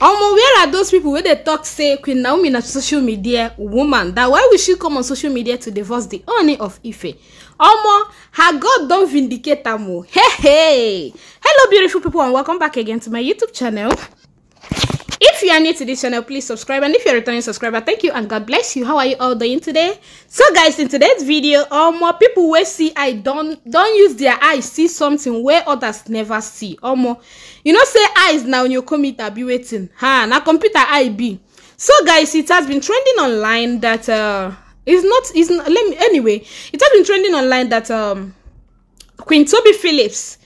omo where are those people wey dey talk say queen naomi na social media woman that why will she come on social media to divorce the honey of ife omo her god don vindicate am o hey hey hello beautiful people and welcome back again to my youtube channel If you are new to this channel, please subscribe. And if you're a returning subscriber, thank you and God bless you. How are you all doing today? So guys, in today's video, or um, more people will see I don't don't use their eyes see something where others never see. Or um, more, you know, say eyes now when you come your computer be waiting. Ha, now computer I be. So guys, it has been trending online that uh, it's not it's not, let me anyway. It has been trending online that um Queen Toby Phillips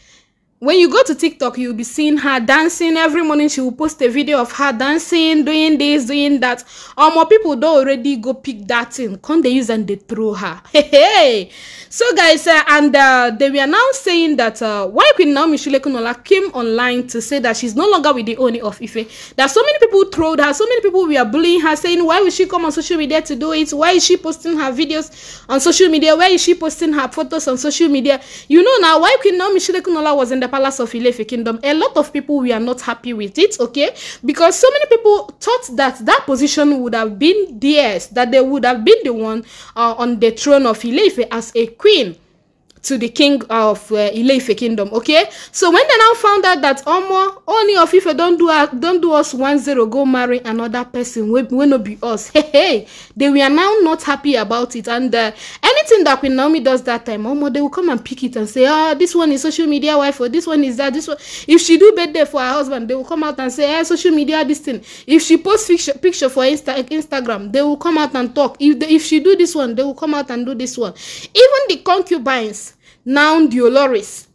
when you go to TikTok, you'll be seeing her dancing. Every morning she will post a video of her dancing, doing this, doing that. Or more people don't already go pick that in. Can't they use and they throw her? Hey, hey. So guys, uh, and uh, they were now saying that uh, why Queen Naomi Shulekunola came online to say that she's no longer with the owner of Ife. That so many people trolled her, so many people were bullying her, saying why will she come on social media to do it? Why is she posting her videos on social media? Why is she posting her photos on social media? You know now why Queen Naomi Shulekunola was in the palace of Ilefe kingdom, a lot of people were not happy with it, okay? Because so many people thought that that position would have been theirs, that they would have been the one uh, on the throne of Ilefe as a queen to the king of uh, Ileife kingdom. Okay, so when they now found out that Omo only of Ife don't do us, uh, don't do us one zero, go marry another person, we will not be us. Hey, hey, they were now not happy about it. And uh, anything that Queen Naomi does that time, Omo they will come and pick it and say, Oh, this one is social media wife, or this one is that. This one, if she do birthday for her husband, they will come out and say, Hey, eh, social media, this thing. If she post picture, picture for Insta Instagram, they will come out and talk. If, they, if she do this one, they will come out and do this one. Even the concubines Noun Dioloris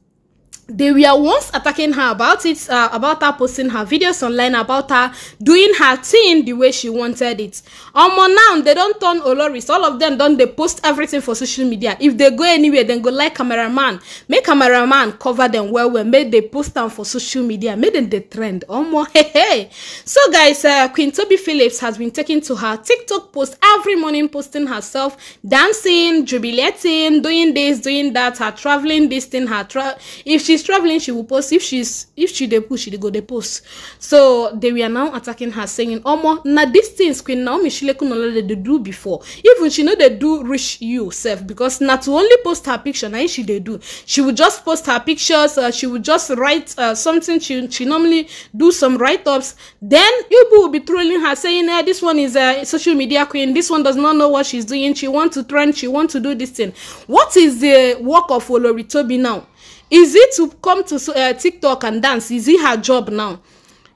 they were once attacking her about it uh, about her posting her videos online about her doing her thing the way she wanted it omo um, now they don turn oloris all of them don dey post everything for social media if they go anywhere dem go like cameraman make cameraman cover them well well make they post am for social media make them dey trend omo um, hey so guys uh, queen toby phillips has been taking to her tiktok post every morning posting herself dancing jubilating doing this doing that her traveling this thing her tra if she she's traveling she will post if she's if she dey push she go dey post so they were now attacking her saying omo na this thing, queen naomi no dey do before even she know they do reach you self because not to only post her picture na she dey do she will just post her pictures uh, she will just write uh, something she she normally do some write-ups then ibu will be trolling her saying eh this one is a social media queen this one does not know what she's doing she want to trend she want to do this thing what is the work of olori tobi now is it to come to uh, tiktok and dance is it her job now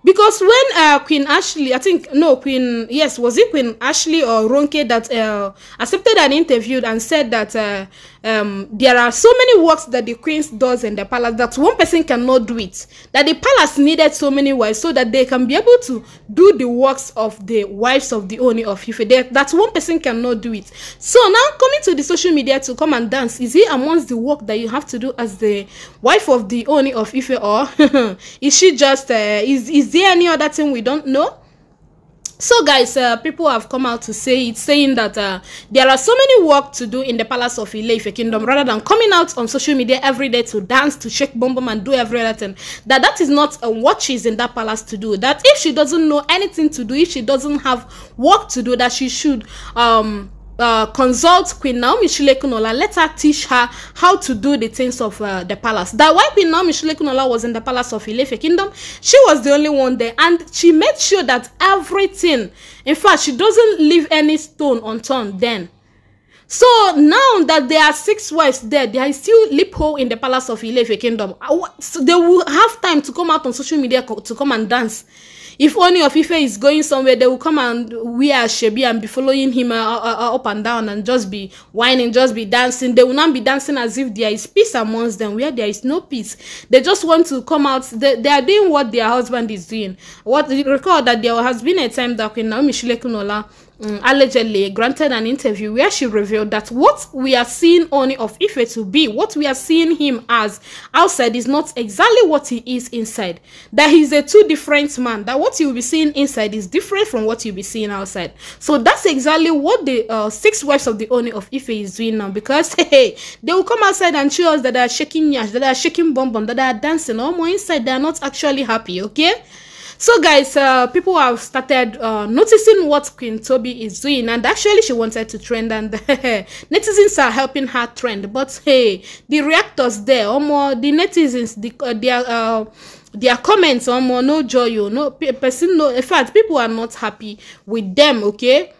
because when uh, Queen Ashley, I think no Queen, yes, was it Queen Ashley or Ronke that uh, accepted an interview and said that uh, um, there are so many works that the Queen does in the palace that one person cannot do it. That the palace needed so many wives so that they can be able to do the works of the wives of the owner of Ife. They, that one person cannot do it. So now coming to the social media to come and dance, is it amongst the work that you have to do as the wife of the owner of Ife, or is she just uh, is is Is there any other thing we don't know? So guys, uh, people have come out to say it, saying that uh, there are so many work to do in the palace of Ile-Ife kingdom rather than coming out on social media every day to dance, to shake bum bum and do every other thing. That that is not uh, what she's in that palace to do. That if she doesn't know anything to do, if she doesn't have work to do, that she should um Uh, consult Queen Naomi Shilekunola. Let her teach her how to do the things of uh, the palace. That while Queen Naomi Shilekunola was in the palace of Ilefe Kingdom, she was the only one there, and she made sure that everything. In fact, she doesn't leave any stone unturned. Then. So now that there are six wives there, there is still loophole in the palace of Ilefe Kingdom. Uh, so they will have time to come out on social media to come and dance If only of Ife is going somewhere, they will come and wear Shebi and be following him uh, uh, uh, up and down and just be whining, just be dancing. They will not be dancing as if there is peace amongst them, where there is no peace. They just want to come out. They, they are doing what their husband is doing. What Recall that there has been a time that Queen Naomi Shilekunola um, allegedly granted an interview where she revealed that what we are seeing only of Ife to be, what we are seeing him as outside is not exactly what he is inside. That he's a two different man. That what what you'll be seeing inside is different from what you'll be seeing outside. So that's exactly what the uh, six wives of the owner of Ife is doing now because hey, they will come outside and show us that they are shaking yash, that they are shaking bum bum, that they are dancing. All more inside, they are not actually happy, okay? So guys, uh, people have started uh, noticing what Queen Toby is doing and actually she wanted to trend and netizens are helping her trend. But hey, the reactors there, or more, the netizens, the, uh, their, uh, their comments on um, no joy you no person no in fact people are not happy with them okay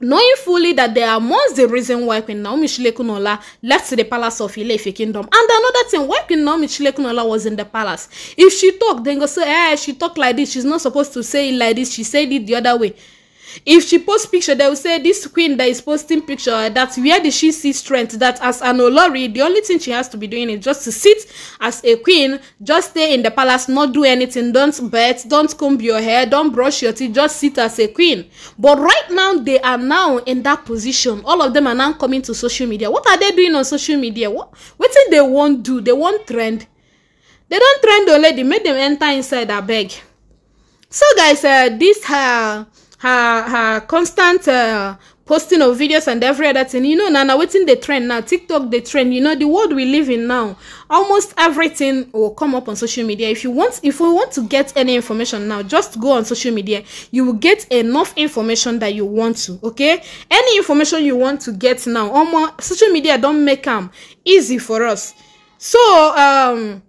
knowing fully that there are amongst the reason why Queen Naomi Shilekunola left the palace of ile kingdom. And another thing, why Queen Naomi Shilekunola was in the palace. If she talk, then go say, eh, she talk like this. She's not supposed to say it like this. She said it the other way if she post picture they will say this queen that is posting picture that where did she see strength that as an olori the only thing she has to be doing is just to sit as a queen just stay in the palace not do anything don't bet don't comb your hair don't brush your teeth just sit as a queen but right now they are now in that position all of them are now coming to social media what are they doing on social media what wetin they won't do they won't trend they don't trend the lady make them enter inside abeg so guys uh, this uh, her her constant uh, posting of videos and every other thing you know now na wetin dey trend now tiktok dey trend you know the world we live in now almost everything will come up on social media if you want if you want to get any information now just go on social media you will get enough information that you want to okay any information you want to get now omo social media don make am easy for us so um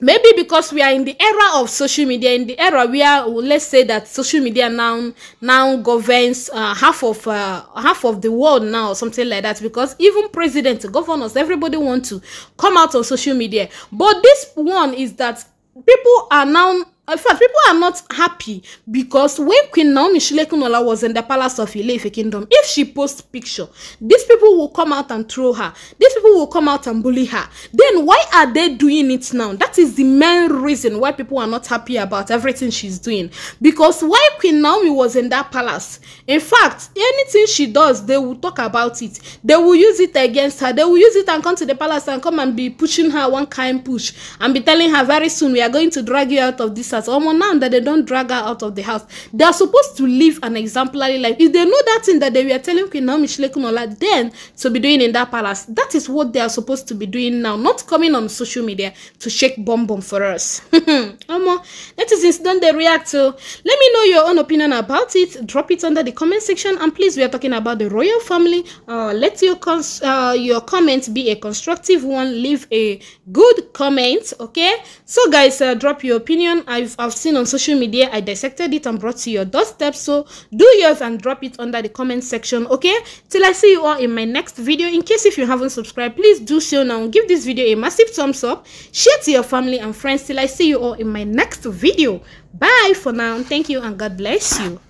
maybe because we are in the era of social media in the era where let's say that social media now now governs uh, half of uh, half of the world now something like that because even presidents governors everybody want to come out on social media but this one is that people are now in fact people are not happy because when queen naomi shilekunola was in the palace of ileife kingdom if she posts picture these people will come out and throw her these people will come out and bully her then why are they doing it now that is the main reason why people are not happy about everything she's doing because why queen naomi was in that palace in fact anything she does they will talk about it they will use it against her they will use it and come to the palace and come and be pushing her one kind push and be telling her very soon we are going to drag you out of this at omo now that they don't drag her out of the house they are supposed to live an exemplary life if they know that thing that they were telling Queen Naomi Shilekunola then to be doing in that palace that is what they are supposed to be doing now not coming on social media to shake bomb bomb for us omo that is don they react to oh. let me know your own opinion about it drop it under the comment section and please we are talking about the royal family uh, let your cons uh, your comment be a constructive one leave a good comment okay so guys uh, drop your opinion i if I've seen on social media. I dissected it and brought to your doorstep. So do yours and drop it under the comment section, okay? Till I see you all in my next video. In case if you haven't subscribed, please do so now. Give this video a massive thumbs up. Share to your family and friends. Till I see you all in my next video. Bye for now. Thank you and God bless you.